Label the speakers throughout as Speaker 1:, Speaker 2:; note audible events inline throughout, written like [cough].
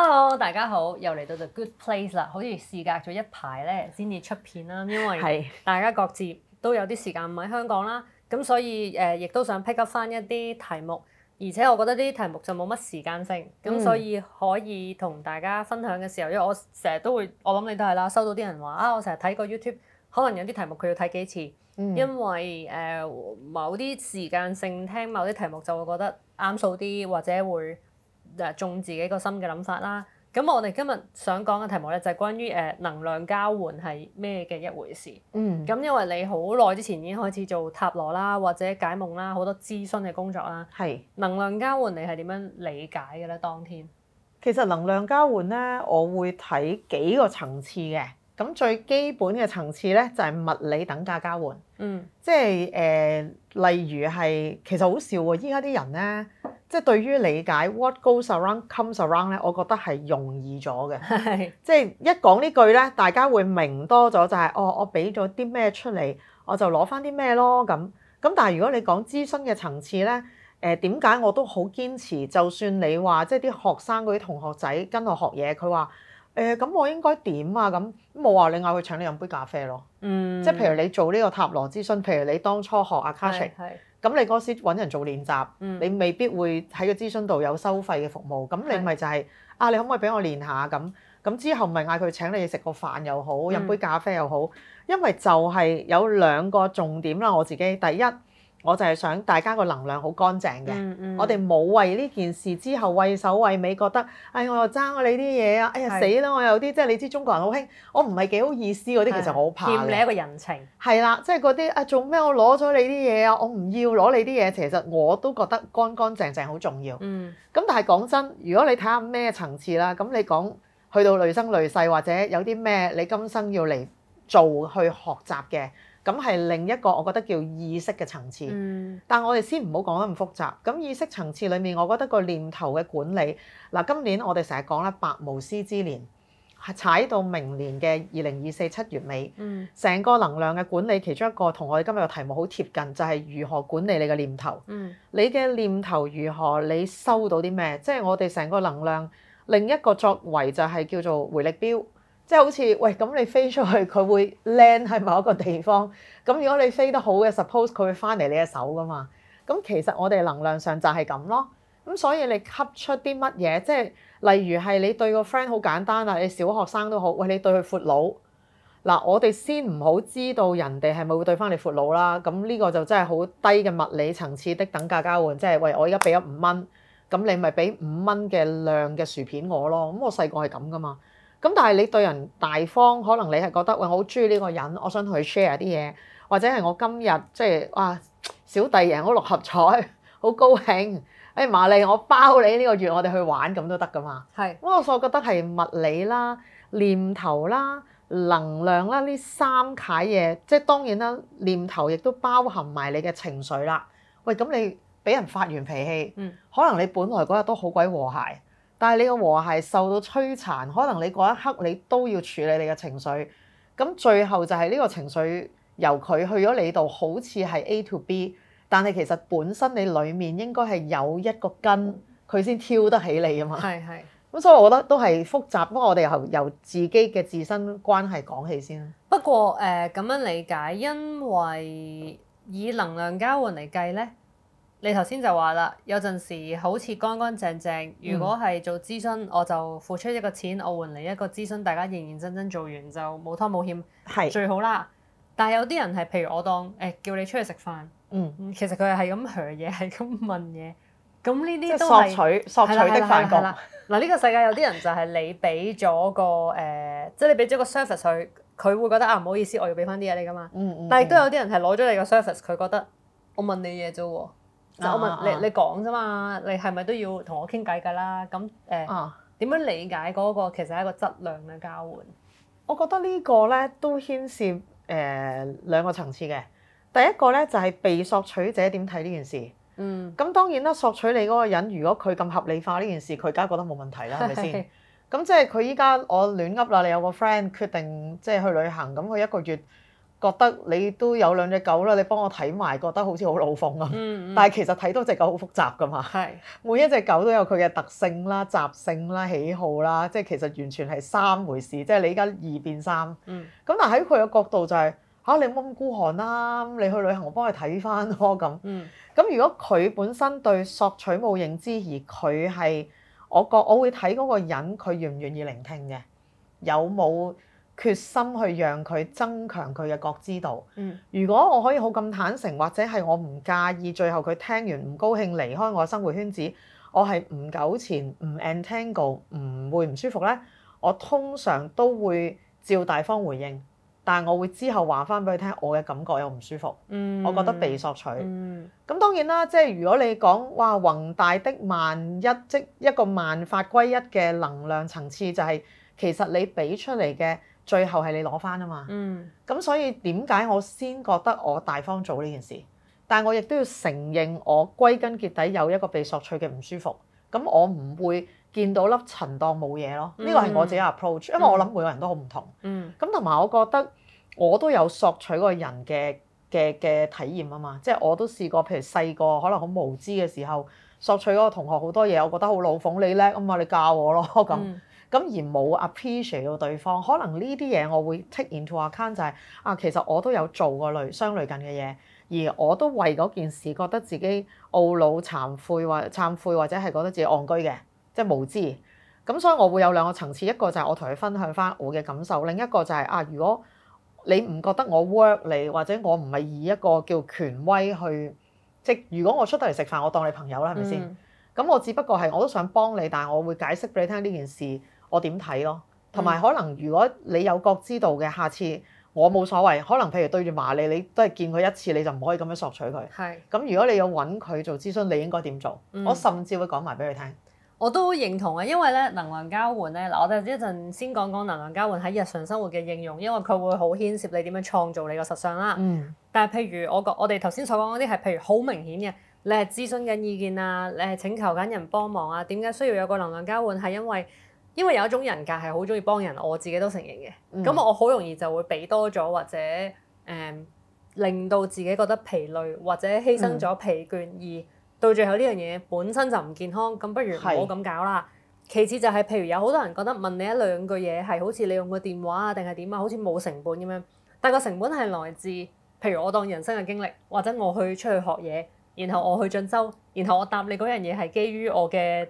Speaker 1: Hello，大家好，又嚟到 The Good Place 啦，好似事隔咗一排咧先至出片啦，因為大家各自都有啲時間唔喺香港啦，咁所以誒、呃、亦都想 pick up 翻一啲題目，而且我覺得啲題目就冇乜時間性，咁所以可以同大家分享嘅時候，因為我成日都會，我諗你都係啦，收到啲人話啊，我成日睇個 YouTube，可能有啲題目佢要睇幾次，因為誒、呃、某啲時間性聽某啲題目就會覺得啱數啲，或者會。就係種自己個心嘅諗法啦。咁我哋今日想講嘅題目咧，就係關於誒能量交換係咩嘅一回事。嗯。咁因為你好耐之前已經開始做塔羅啦，或者解夢啦，好多諮詢嘅工作啦。係是。能量交換你係點樣理解嘅咧？當天。
Speaker 2: 其實能量交換咧，我會睇幾個層次嘅。咁最基本嘅層次咧，就係物理等價交換。嗯。即係誒、呃，例如係，其實好笑喎。依家啲人咧。即係對於理解 what goes around comes around 咧，我覺得係容易咗嘅。是即係一講呢句咧，大家會明多咗就係、是、哦，我俾咗啲咩出嚟，我就攞翻啲咩咯咁。咁但係如果你講諮詢嘅層次咧，誒點解我都好堅持？就算你話即係啲學生嗰啲同學仔跟我學嘢，佢話誒咁我應該點啊？咁冇話你嗌佢請你飲杯咖啡咯。嗯，即係譬如你做呢個塔羅諮詢，譬如你當初學阿卡西是咁你嗰時揾人做練習，你未必會喺個諮詢度有收費嘅服務。咁你咪就係、是、是啊，你可唔可以俾我練下咁？咁之後咪嗌佢請你食個飯又好，飲杯咖啡又好。因為就係有兩個重點啦，我自己第一。我就係想大家個能量好乾淨嘅，嗯嗯、我哋冇為呢件事之後畏首畏尾，覺得，哎，我又爭我你啲嘢啊，哎呀的死啦，我有啲即係你知中國人好興，我唔係幾好意思嗰啲，的其實我好怕欠你一個人情。係啦，即係嗰啲啊做咩我攞咗你啲嘢啊，我唔要攞你啲嘢，其實我都覺得乾乾淨淨好重要。嗯。咁但係講真，如果你睇下咩層次啦，咁你講去到累生累世或者有啲咩你今生要嚟做去學習嘅。咁係另一個，我覺得叫意識嘅層次。嗯、但我哋先唔好講得咁複雜。咁意識層次裡面，我覺得個念頭嘅管理，嗱、啊、今年我哋成日講啦，白無師之年，踩到明年嘅二零二四七月尾，成、嗯、個能量嘅管理其中一個同我哋今日嘅題目好貼近，就係、是、如何管理你嘅念頭。嗯、你嘅念頭如何？你收到啲咩？即係我哋成個能量另一個作為，就係叫做回力標。即係好似喂，咁你飛出去，佢會 land 喺某一個地方。咁如果你飛得好嘅，suppose 佢會翻嚟你嘅手噶嘛。咁其實我哋能量上就係咁咯。咁所以你吸出啲乜嘢，即係例如係你對個 friend 好簡單啦，你小學生都好。喂，你對佢闊佬。嗱，我哋先唔好知道人哋係咪會對翻你闊佬啦。咁呢個就真係好低嘅物理層次的等價交換，即係喂，我而家俾咗五蚊，咁你咪俾五蚊嘅量嘅薯片我咯。咁我細個係咁噶嘛。咁但係你對人大方，可能你係覺得喂，我好中意呢個人，我想同佢 share 啲嘢，或者係我今日即係哇，小弟贏咗六合彩，好高興，誒、哎、瑪麗我包你呢個月我哋去玩咁都得㗎嘛。係咁是，我所覺得係物理啦、念頭啦、能量啦呢三樣嘢，即係當然啦，念頭亦都包含埋你嘅情緒啦。喂，咁你俾人發完脾氣，可能你本來嗰日都好鬼和諧。但係你嘅和諧受到摧殘，可能你嗰一刻你都要處理你嘅情緒，咁最後就係呢個情緒由佢去咗你度，好似係 A to B，但係其實本身你裡面應該係有一個根，佢先挑得起你啊嘛。係係是。咁所以我覺得都係複雜，不過我哋由由自己嘅自身關係講起先啦。
Speaker 1: 不過誒咁、呃、樣理解，因為以能量交換嚟計呢。你頭先就話啦，有陣時好似乾乾淨淨，如果係做諮詢，我就付出一個錢，我換嚟一個諮詢，大家認認真真做完就冇拖冇欠，
Speaker 2: 係是最好
Speaker 1: 啦。但係有啲人係譬如我當誒、欸、叫你出去食飯，嗯，其實佢係咁搶嘢，係咁問嘢，咁呢啲都係索取索取的飯局。嗱呢、 [laughs] 呢個世界有啲人就係你俾咗個誒、呃，即係你俾咗個 service 佢，佢會覺得啊唔好意思，我要俾翻啲嘢你噶嘛。嗯嗯
Speaker 2: 嗯、但係都有
Speaker 1: 啲人係攞咗你個 service 佢覺得我問你嘢啫喎。嗯。
Speaker 2: 嗱我問你，你
Speaker 1: 講啫嘛？你係咪都要同我傾偈噶啦？咁誒點樣理解嗰個其實係一個質量嘅交換？
Speaker 2: 我覺得個呢個咧都牽涉誒、呃、兩個層次嘅。第一個咧就係、是、被索取者點睇呢件事。嗯。咁當然啦，索取你嗰個人，如果佢咁合理化呢件事，佢梗係覺得冇問題啦，係咪先？咁 [laughs] 即係佢依家我亂噏啦，你有個 friend 決定即係去旅行，咁佢一個月。覺得你都有兩隻狗啦，你幫我睇埋，覺得好似好老馮啊！嗯嗯、但係其實睇到隻狗好複雜噶嘛。係是，每一隻狗都有佢嘅特性啦、習性啦、喜好啦，即係其實完全係三回事。即係你而家二變三。嗯。咁但喺佢嘅角度就係、是、嚇、啊、你冇咁孤寒啦、啊，你去旅行我幫你睇翻咯咁。嗯。咁如果佢本身對索取冇認知，而佢係我覺我會睇嗰個人佢願唔願意聆聽嘅，有冇？決心去讓佢增強佢嘅覺知度。嗯、如果我可以好咁坦誠，或者係我唔介意，最後佢聽完唔高興離開我生活圈子，我係唔糾纏，唔 entangle，唔會唔舒服呢。我通常都會照大方回應，但係我會之後話翻俾佢聽，我嘅感覺又唔舒服，嗯、我覺得被索取。咁、嗯、當然啦，即係如果你講哇宏大的萬一，即一個萬法歸一嘅能量層次、就是，就係其實你俾出嚟嘅。最後係你攞翻啊嘛，咁、嗯、所以點解我先覺得我大方做呢件事？但係我亦都要承認我歸根結底有一個被索取嘅唔舒服。咁我唔會見到粒塵當冇嘢咯。呢個係我自己嘅 approach，嗯、因為我諗每個人都好唔同。咁同埋我覺得我都有索取嗰個人嘅嘅嘅體驗啊嘛，即係我都試過，譬如細個可能好無知嘅時候索取嗰個同學好多嘢，我覺得好老奉，你叻啊嘛，你教我咯咁。咁而冇 appreciate 到對方，可能呢啲嘢我會 take into account 就係、是、啊，其實我都有做過類相類近嘅嘢，而我都為嗰件事覺得自己懊惱、慚愧或懺悔，或，或者係覺得自己戇居嘅，即係無知。咁、啊、所以我會有兩個層次，一個就係我同你分享返我嘅感受，另一個就係、是、啊，如果你唔覺得我 work 你，或者我唔係以一個叫權威去，即如果我出得嚟食飯，我當你朋友啦，係咪先？咁、嗯、我只不過係我都想幫你，但係我會解釋俾你聽呢件事。我點睇咯，同埋可能如果你有覺知道嘅，下次、嗯、我冇所謂。可能譬如對住瑪莉，你都係見佢一次，你就唔可以咁樣索取佢。係。咁如果你要揾佢做諮詢，你應該點做？嗯、我甚至會講埋俾佢聽。
Speaker 1: 我都好認同啊，因為咧能量交換咧嗱，我哋一陣先講講能量交換喺日常生活嘅應用，因為佢會好牽涉你點樣創造你個實相啦。嗯。但係譬如我覺我哋頭先所講嗰啲係譬如好明顯嘅，你係諮詢緊意見啊，你係請求緊人幫忙啊，點解需要有個能量交換？係因為因為有一種人格係好中意幫人，我自己都承認嘅。咁、嗯、我好容易就會俾多咗，或者誒、嗯、令到自己覺得疲累，或者犧牲咗疲倦。嗯、而到最後呢樣嘢本身就唔健康，咁不如唔好咁搞啦。是其次就係譬如有好多人覺得問你一兩句嘢係好似你用個電話啊定係點啊，好似冇成本咁樣。但個成本係來自譬如我當人生嘅經歷，或者我去出去學嘢，然後我去進修，然後我答你嗰樣嘢係基於我嘅。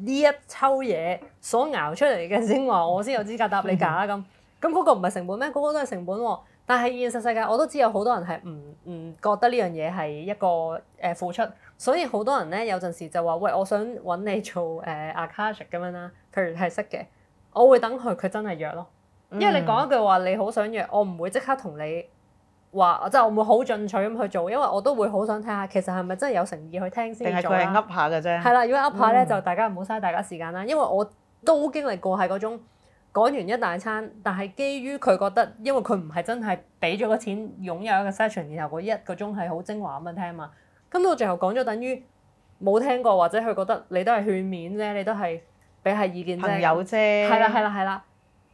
Speaker 1: 呢一抽嘢所熬出嚟嘅先話，我先有資格答你假咁。咁嗰個唔係成本咩？嗰、嗰個都係成本、啊。但係現實世界我都知有好多人係唔唔覺得呢樣嘢係一個誒、呃、付出，所以好多人咧，有陣時就話喂，我想揾你做誒 architecture 咁樣啦。譬如佢係識嘅，我會等佢，佢真係約咯。因為你講一句話，你好想約，我唔會即刻同你。話即係我會好進取咁去做，因為我都會好想睇下其實係咪真係有誠意去聽先做定係佢係
Speaker 2: 噏下嘅啫。係啦，如果噏下咧，嗯、
Speaker 1: 就大家唔好嘥大家時間啦。因為我都經歷過係嗰種講完一大餐，但係基於佢覺得，因為佢唔係真係俾咗個錢，擁有一個 session 然後嗰一個鐘係好精華咁樣聽嘛。咁到最後講咗等於冇聽過，或者佢覺得你都係勸勉咧，你都係俾係意見啫。朋友啫。係啦，係啦，係啦。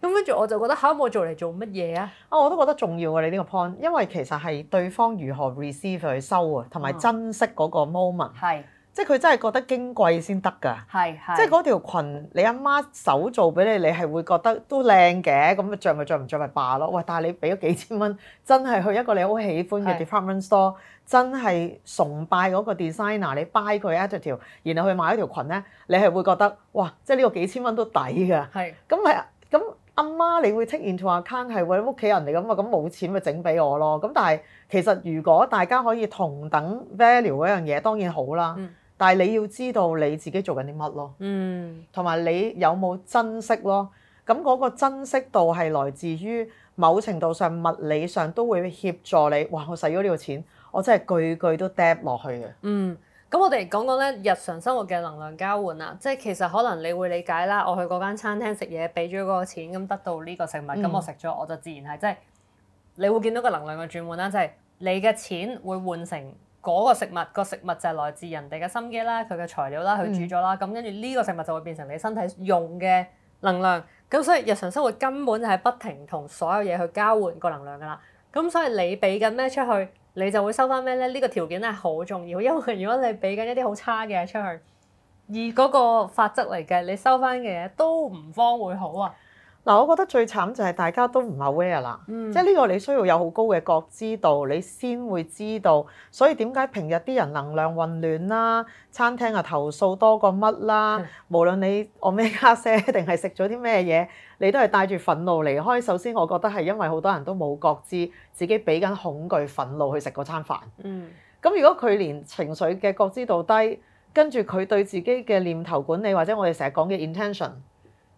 Speaker 1: 咁跟住我就覺得嚇，我做嚟做乜嘢啊？
Speaker 2: 啊，我都覺得重要㗎，你呢個 point，因為其實係對方如何 receive 佢收啊，同埋珍惜嗰個 moment，係，即係佢真係覺得矜貴先得㗎，係係，即係嗰條裙你阿媽手做俾你，你係會覺得都靚嘅，咁著咪著，唔著咪罷咯。哇！但係你俾咗幾千蚊，真係去一個你好喜歡嘅 department store，真係崇拜嗰個 designer，你 buy 佢 at that，然後去買嗰條裙咧，你係會覺得哇，即係呢個幾千蚊都抵㗎，係，咁係。阿媽，你會 take into account 係為屋企人嚟咁啊？咁冇錢咪整俾我咯。咁但係其實如果大家可以同等 value 嗰樣嘢，當然好啦。嗯、但係你要知道你自己做緊啲乜咯。嗯。同埋你有冇珍惜咯？咁嗰個珍惜度係來自於某程度上物理上都會協助你。哇！我使咗呢個錢，我真係句句都掟落去嘅。嗯。
Speaker 1: 咁我哋講講咧日常生活嘅能量交換喇，即係其實可能你會理解啦，我去嗰間餐廳食嘢，俾咗嗰個錢，咁得到呢個食物，咁、嗯、我食咗，我就自然係即係你會見到個能量嘅轉換啦，就係、是、你嘅錢會換成嗰個食物，個食物就係來自人哋嘅心機啦，佢嘅材料啦，佢煮咗啦，咁跟住呢個食物就會變成你身體用嘅能量，咁所以日常生活根本就係不停同所有嘢去交換個能量噶啦，咁所以你俾緊咩出去？你就會收翻咩咧？呢個條件咧係好重要，因為如果你俾緊一啲好差嘅嘢出去，而嗰個法則嚟嘅，你收翻嘅嘢都唔慌會好啊。
Speaker 2: 嗱，我覺得最慘就係大家都唔係 aware 啦，嗯、即係呢個你需要有好高嘅覺知度，你先會知道。所以點解平日啲人能量混亂啦、啊，餐廳啊投訴多過乜啦、啊？嗯、無論你我咩咖啡，定係食咗啲咩嘢，你都係帶住憤怒離開。首先，我覺得係因為好多人都冇覺知，自己俾緊恐懼、憤怒去食嗰餐飯。嗯，咁如果佢連情緒嘅覺知度低，跟住佢對自己嘅念頭管理，或者我哋成日講嘅 intention，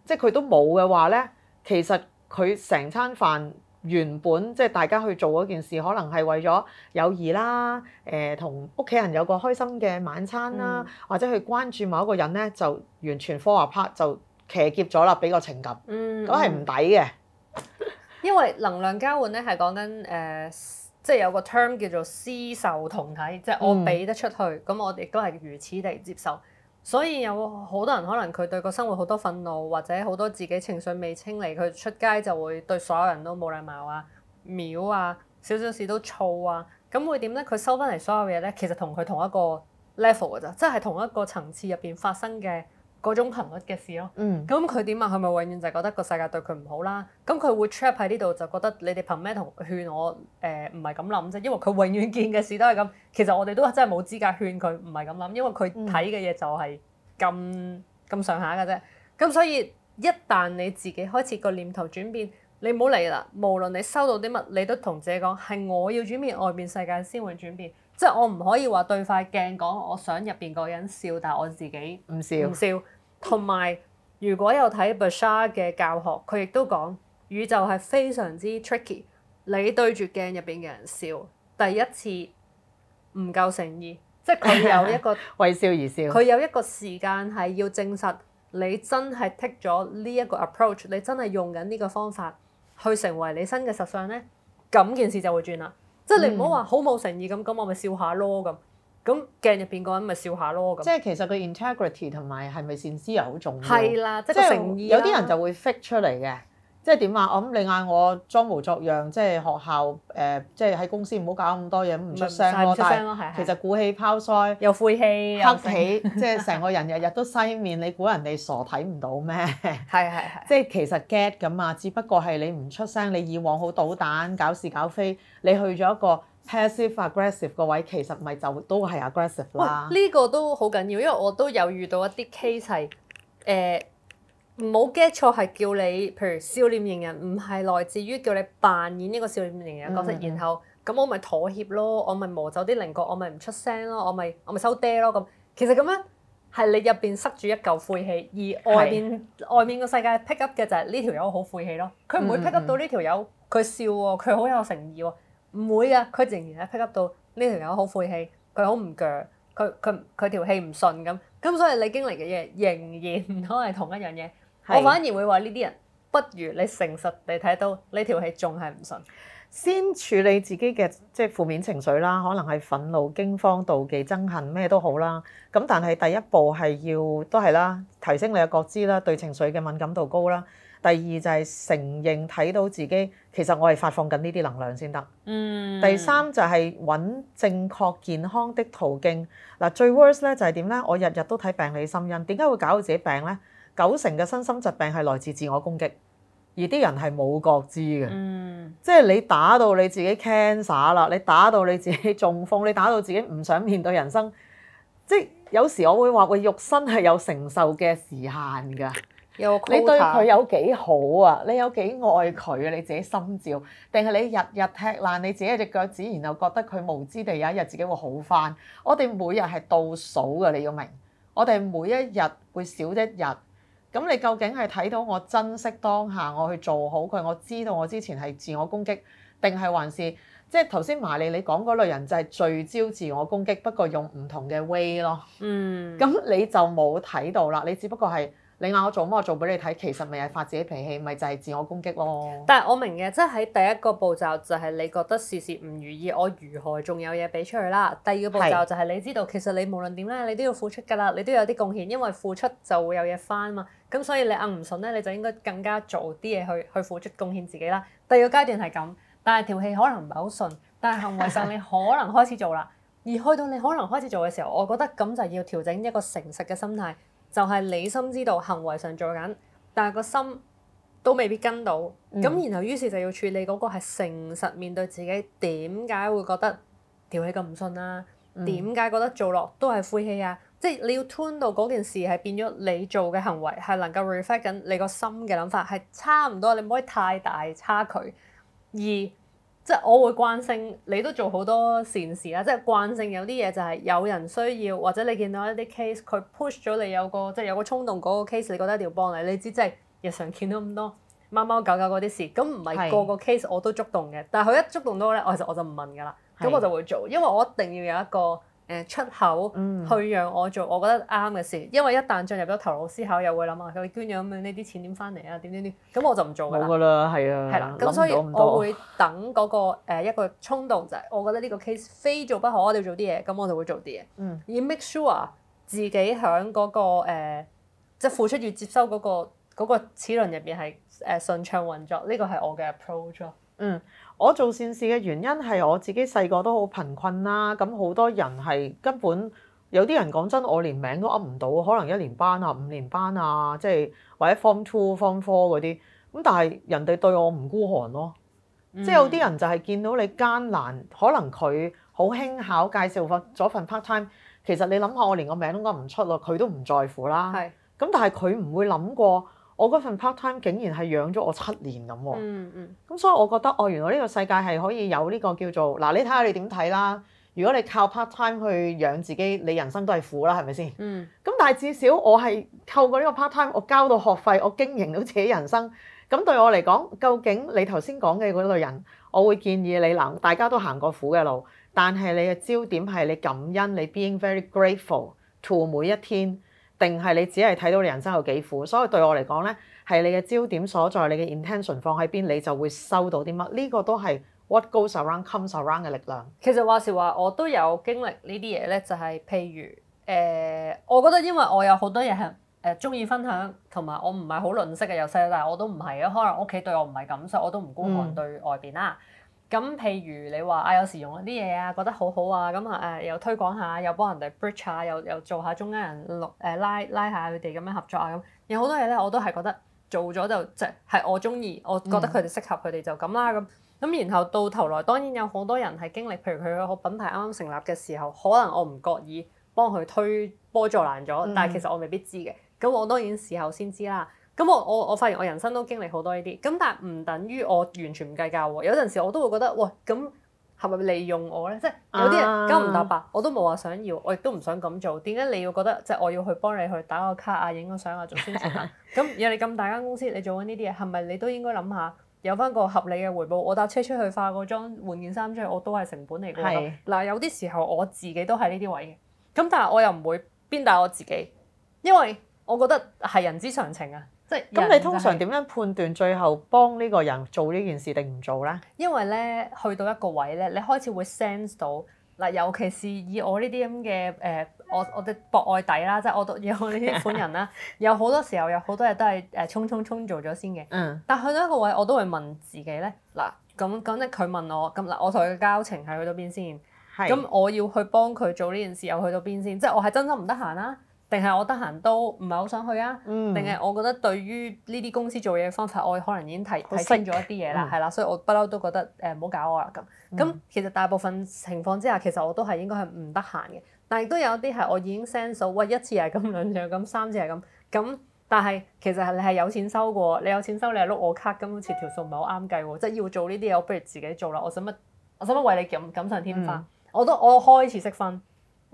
Speaker 2: 即係佢都冇嘅話咧。其實佢成餐飯原本即係大家去做嗰件事，可能係為咗友誼啦，誒同屋企人有個開心嘅晚餐啦，嗯、或者去關注某一個人咧，就完全 fall apart 就騎劫咗啦，俾個情感，咁係唔抵嘅。嗯、
Speaker 1: [laughs] 因為能量交換咧係講緊誒，即係有個 term 叫做施受同體，即係我俾得出去，咁、嗯、我亦都係如此地接受。所以有好多人可能佢對個生活好多憤怒，或者好多自己情緒未清理，佢出街就會對所有人都冇禮貌啊、藐啊、小小事都躁啊。咁會點咧？佢收翻嚟所有嘢咧，其實同佢同一個 level 㗎咋，即係同一個層次入邊發生嘅。嗰種頻率嘅事咯，咁佢點啊？佢咪永遠就覺得個世界對佢唔好啦。咁佢會 trap 喺呢度，就覺得你哋憑咩同勸我誒唔係咁諗啫？因為佢永遠見嘅事都係咁。其實我哋都真係冇資格勸佢唔係咁諗，因為佢睇嘅嘢就係咁咁上下㗎啫。咁所以一旦你自己開始個念頭轉變，你唔好嚟啦。無論你收到啲乜，你都同自己講係我要轉變，外面世界先會轉變。即係我唔可以話對塊鏡講，我想入邊個人笑，但係我自己唔笑。同埋， [laughs] 如果有睇 Bashar 嘅教學，佢亦都講宇宙係非常之 tricky。你對住鏡入邊嘅人笑，第一次唔夠誠意，即係佢有一個
Speaker 2: [laughs] 為笑而笑。佢有
Speaker 1: 一個時間係要證實你真係 take 咗呢一個 approach，你真係用緊呢個方法去成為你新嘅實相呢，咁件事就會轉啦。即係你唔好話好冇誠意咁，咁我咪笑下咯咁，咁鏡入邊個人咪笑下咯咁。即係其實
Speaker 2: 個 integrity 同埋係咪善思又好重要。係啦，即係誠意。即有啲人就會 fit 出嚟嘅。即係點啊？我諗你嗌我裝模作樣，即係學校誒、呃，即係喺公司唔好搞咁多嘢，唔不出聲咯、啊。出聲啊、但係其實鼓氣拋腮，又晦氣，黑起氣， [laughs] 即係成個人日日都西面，你估人哋傻睇唔到咩？係係係。即係其實 get 咁啊，只不過係你唔出聲，你以往好搗蛋搞事搞非，你去咗一個 passive aggressive 個位，其實咪就都係 aggressive 啦。呢、哦這
Speaker 1: 個都好緊要，因為我都有遇到一啲 case 係誒。呃唔好 get 錯，係叫你，譬如笑臉迎人，唔係來自於叫你扮演呢個笑臉迎人角色。嗯、然後咁、嗯、我咪妥協咯，我咪磨走啲棱角，我咪唔出聲咯，我咪我咪收爹咯。咁其實咁樣係你入邊塞住一嚿晦氣，而外邊是外面個世界 pick up 嘅就係呢條友好晦氣咯。佢唔會 pick up、嗯、到呢條友，佢笑喎，佢好有誠意喎，唔會噶，佢仍然係 pick up 到呢條友好晦氣，佢好唔鋸，佢佢佢條氣唔順咁。咁所以你經歷嘅嘢仍然都係同一樣嘢。我反而會話呢啲人，不如你誠實地睇到呢條戲仲係唔順。
Speaker 2: 先處理自己嘅，即係負面情緒啦，可能係憤怒、驚慌、妒忌、憎恨咩都好啦。咁但係第一步係要都係啦，提升你嘅覺知啦，對情緒嘅敏感度高啦。第二就係承認睇到自己，其實我係發放緊呢啲能量先得。嗯。第三就係揾正確健康的途徑。嗱，最 worst 咧就係點咧？我日日都睇病理心因，點解會搞到自己病咧？九成嘅身心疾病係來自自我攻擊，而啲人係冇覺知嘅。嗯，即係你打到你自己 cancer 啦，你打到你自己中風，你打到自己唔想面對人生。即係有時我會話，我肉身係有承受嘅時限㗎。你對佢有幾好啊？你有幾愛佢啊？你自己心照。定係你日日踢爛你自己隻腳趾，然後覺得佢無知地有一日自己會好翻。我哋每日係倒數㗎，你要明。我哋每一日會少一日。咁你究竟係睇到我珍惜當下，我去做好佢，我知道我之前係自我攻擊，定係還是即係頭先麻利你講嗰類人，就係聚焦自我攻擊，不過用唔同嘅 way 咯。嗯，咁你就冇睇到啦，你只不過係。你話我做乜，我做俾你睇，其實咪係發自己脾氣，咪就係自我攻擊咯。但係我
Speaker 1: 明嘅，即係喺第一個步驟就係你覺得事事唔如意，我如何仲有嘢俾出去啦？第二個步驟就係你知道其實你無論點咧，你都要付出噶啦，你都要有啲貢獻，因為付出就會有嘢返嘛。咁所以你硬唔順咧，你就應該更加做啲嘢去去付出貢獻自己啦。第二個階段係咁，但係條氣可能唔係好順，但係行為上你可能開始做啦。 [laughs] 而去到你可能開始做嘅時候，我覺得咁就要調整一個誠實嘅心態。就係你心知道行為上做緊，但係個心都未必跟到。咁、嗯、然後於是就要處理嗰個係誠實面對自己，點解會覺得調起咁唔順啦？點解、嗯、覺得做落都係灰氣啊？即係你要 turn 到嗰件事係變咗你做嘅行為係能夠 reflect 緊你個心嘅諗法，係差唔多，你唔可以太大差距。而即係我會慣性，你都做好多善事啦。即係慣性有啲嘢就係有人需要，或者你見到一啲 case，佢 push 咗你有個即係有個衝動嗰個 case，你覺得一定要幫你。你知即係日常見到咁多貓貓狗狗嗰啲事，咁唔係個個 case 我都觸動嘅。是但係佢一觸動到咧，我其實我就唔問㗎啦。咁是我就會做，因為我一定要有一個。誒出口去讓我做我覺得啱嘅事，因為一旦進入咗頭腦思考，又會諗啊，佢捐咗咁樣呢啲錢點翻嚟啊，點點點，咁我
Speaker 2: 就唔做㗎啦。冇㗎啦，係啊。係啦，咁的所以我會
Speaker 1: 等嗰、那個、呃、一個衝動就係、是，我覺得呢個 case 非做不可，我哋要做啲嘢，咁我就會做啲嘢，而 make sure 自己響嗰、那個即係、呃就是、付出與接收嗰、那個嗰、那個齒輪入邊係誒順暢運作，呢個係我嘅 approach。
Speaker 2: 嗯，我做善事嘅原因係我自己細個都好貧困啦，咁好多人係根本有啲人講真，我連名都噏唔到，可能一年班啊、五年班啊，即係或者 form two、form four 嗰啲，咁但係人哋對我唔孤寒咯，嗯、即係有啲人就係見到你艱難，可能佢好輕巧介紹咗份 part time，其實你諗下，我連個名都噏唔出咯，佢都唔在乎啦，咁是但係佢唔會諗過。我嗰份 part time 竟然係養咗我七年咁喎、哦，咁、嗯嗯嗯、所以我覺得哦，原來呢個世界係可以有呢個叫做嗱，你睇下你點睇啦。如果你靠 part time 去養自己，你人生都係苦啦，係咪先？咁、嗯嗯、但係至少我係透過呢個 part time，我交到學費，我經營到自己人生。咁對我嚟講，究竟你頭先講嘅嗰類人，我會建議你嗱，大家都行過苦嘅路，但係你嘅焦點係你感恩，你 being very grateful to 每一天。定係你只係睇到你人生有幾苦，所以對我嚟講咧，係你嘅焦點所在，你嘅 intention 放喺邊，你就會收到啲乜。呢個都係 what goes around comes around 嘅力量。
Speaker 1: 其實話時話，我都有經歷呢啲嘢咧，就係、是、譬如誒、呃，我覺得因為我有好多嘢係誒中意分享，同埋我唔係好吝嗇嘅，有細佬，但係我都唔係啊。可能屋企對我唔係感受，所以我都唔孤寒對外邊啦。嗯咁譬如你話啊，有時用一啲嘢啊，覺得好好啊，咁啊誒又推廣下，又幫人哋 bridge 下、啊，又又做下中間人錄，錄、呃、誒拉拉下佢哋咁樣合作啊，咁有好多嘢咧，我都係覺得做咗就即係、就是、我中意，我覺得佢哋適合佢哋就咁啦、啊，咁咁、嗯、然後到頭來，當然有好多人係經歷，譬如佢個品牌啱啱成立嘅時候，可能我唔覺意幫佢推波助瀾咗，嗯、但係其實我未必知嘅，咁我當然事後先知啦。咁我我我發現我人生都經歷好多呢啲咁，但係唔等於我完全唔計較喎。有陣時我都會覺得，喂咁係咪利用我咧？即係有啲人交唔答白，我都冇話想要，我亦都唔想咁做。點解你要覺得即係、就是、我要去幫你去打個卡啊、影個相啊、做宣傳啊？咁而 [laughs] 你咁大間公司，你做緊呢啲嘢係咪你都應該諗下有返個合理嘅回報？我搭車出去化個妝換件衫出去，我都係成本嚟㗎。嗱是，有啲時候我自己都係呢啲位嘅。咁但係我又唔會鞭打我自己，因為我覺得係人之常情啊。即係咁、就是，你通常
Speaker 2: 點樣判斷最後幫呢個人做呢件事定唔做咧？
Speaker 1: 因為咧，去到一個位咧，你開始會 sense 到嗱，尤其是以我呢啲咁嘅誒，我我哋博愛底啦，即係我讀以我呢啲本人啦， [laughs] 有好多時候有好多嘢都係誒，衝衝衝做咗先嘅。嗯。但去到一個位，我都會問自己咧，嗱，咁咁咧，佢問我，咁嗱，我同佢嘅交情係去到邊先？係。咁我要去幫佢做呢件事，又去到邊先？即係我係真心唔得閒啦。定係我得閒都唔係好想去啊，定係、嗯、我覺得對於呢啲公司做嘢嘅方法，我可能已經睇睇清咗一啲嘢啦，係啦、嗯，所以我不嬲都覺得誒唔好搞我啦咁。咁、嗯、其實大部分情況之下，其實我都係應該係唔得閒嘅。但亦都有啲係我已經 sense 到，喂，一次係咁，兩次，咁三次係咁。咁但係其實係你係有錢收嘅，你有錢收你係碌我卡咁，條條數唔係好啱計喎，即係要做呢啲嘢，我不如自己做啦。我使乜我使乜為你咁錦上添花？嗯、我都我開始識分，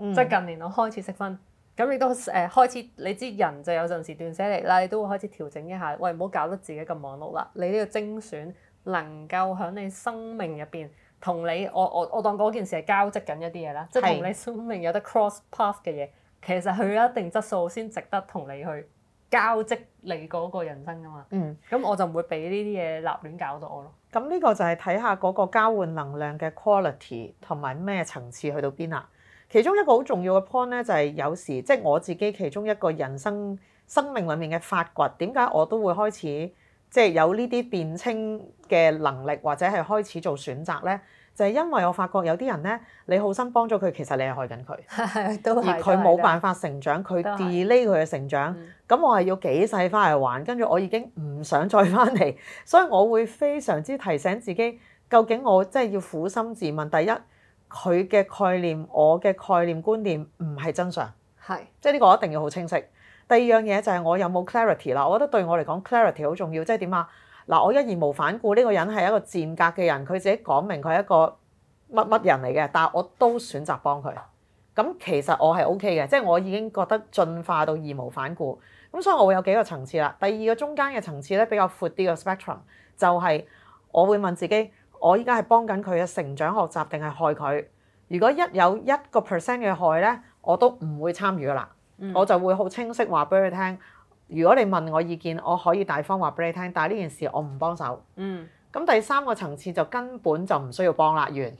Speaker 1: 即係近年我開始識分。嗯咁你都誒、呃、開始，你知人就有陣時斷捨離啦，你都會開始調整一下。喂，唔好搞得自己咁忙碌啦。你呢個精選能夠喺你生命入邊同你，我我我當嗰件事係交織緊一啲嘢啦，即係同你生命有得 cross path 嘅嘢，其實佢有一定質素先值得同你去交織你嗰個人生㗎嘛。嗯。咁我就唔會俾呢啲嘢立亂搞到我咯。
Speaker 2: 咁呢、嗯、個就係睇下嗰個交換能量嘅 quality 同埋咩層次去到邊啦。其中一個好重要嘅 point 咧，就係有時即係我自己其中一個人生生命裏面嘅發掘，點解我都會開始即係、就是、有呢啲辨清嘅能力，或者係開始做選擇咧？就係、是、因為我發覺有啲人咧，你好心幫咗佢，其實你係害緊佢，都而佢冇辦法成長，佢 delay 佢嘅成長。咁、嗯、我係要幾世翻嚟還，跟住我已經唔想再翻嚟，所以我會非常之提醒自己，究竟我即係要苦心自問第一。佢嘅概念，我嘅概念、觀念唔係真相，係的即係呢個我一定要好清晰。第二樣嘢就係我有冇 clarity 啦。我覺得對我嚟講 clarity 好重要，即係點啊？嗱，我一義無反顧呢個人係一個賤格嘅人，佢自己講明佢係一個乜乜人嚟嘅，但係我都選擇幫佢。咁其實我係 OK 嘅，即係我已經覺得進化到義無反顧，咁所以我會有幾個層次啦。第二個中間嘅層次咧，比較闊啲嘅 spectrum，就係我會問自己。我依家係幫緊佢嘅成長學習，定係害佢？如果一有一個 percent 嘅害咧，我都唔會參與噶啦，嗯、我就會好清晰話俾佢聽。如果你問我意見，我可以大方話俾你聽，但係呢件事我唔幫手。嗯，咁第三個層次就根本就唔需要幫啦。完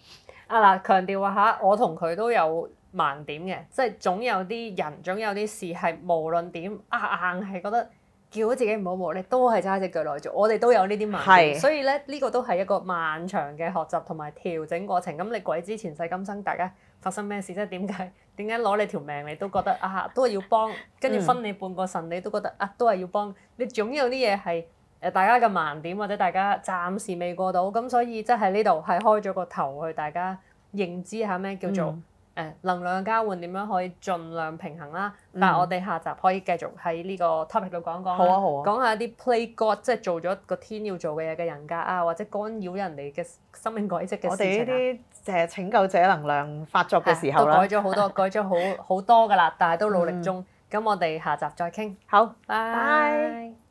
Speaker 1: 啊。嗱，強調下嚇，我同佢都有盲點嘅，即係總有啲人總有啲事係無論點硬係覺得。叫自己唔好無你都係揸隻腳來做。我哋都有呢啲盲點，是所以咧呢個都係一個漫長嘅學習同埋調整過程。咁你鬼知前世今生大家發生咩事？即係點解，點解攞你條命，你都覺得啊，都係要幫。跟住分你半個腎，嗯、你都覺得啊，都係要幫。你總有啲嘢係誒，大家嘅盲點或者大家暫時未過到。咁所以即係呢度係開咗個頭去，大家認知下咩叫做。嗯誒，能量交換點樣可以盡量平衡啦，嗯、但係我哋下集可以繼續喺呢個 topic 度講講啦，講下啲 play god 即係做咗個天要做嘅嘢嘅人格啊，或者干擾人哋嘅生命軌跡嘅事，我哋呢
Speaker 2: 啲誒拯救者能量發作嘅時候咧，啊、都改咗 [laughs] 好，好多，
Speaker 1: 改咗好好多噶啦，但係都努力中。咁、嗯、我哋下集再傾。好，拜拜 bye。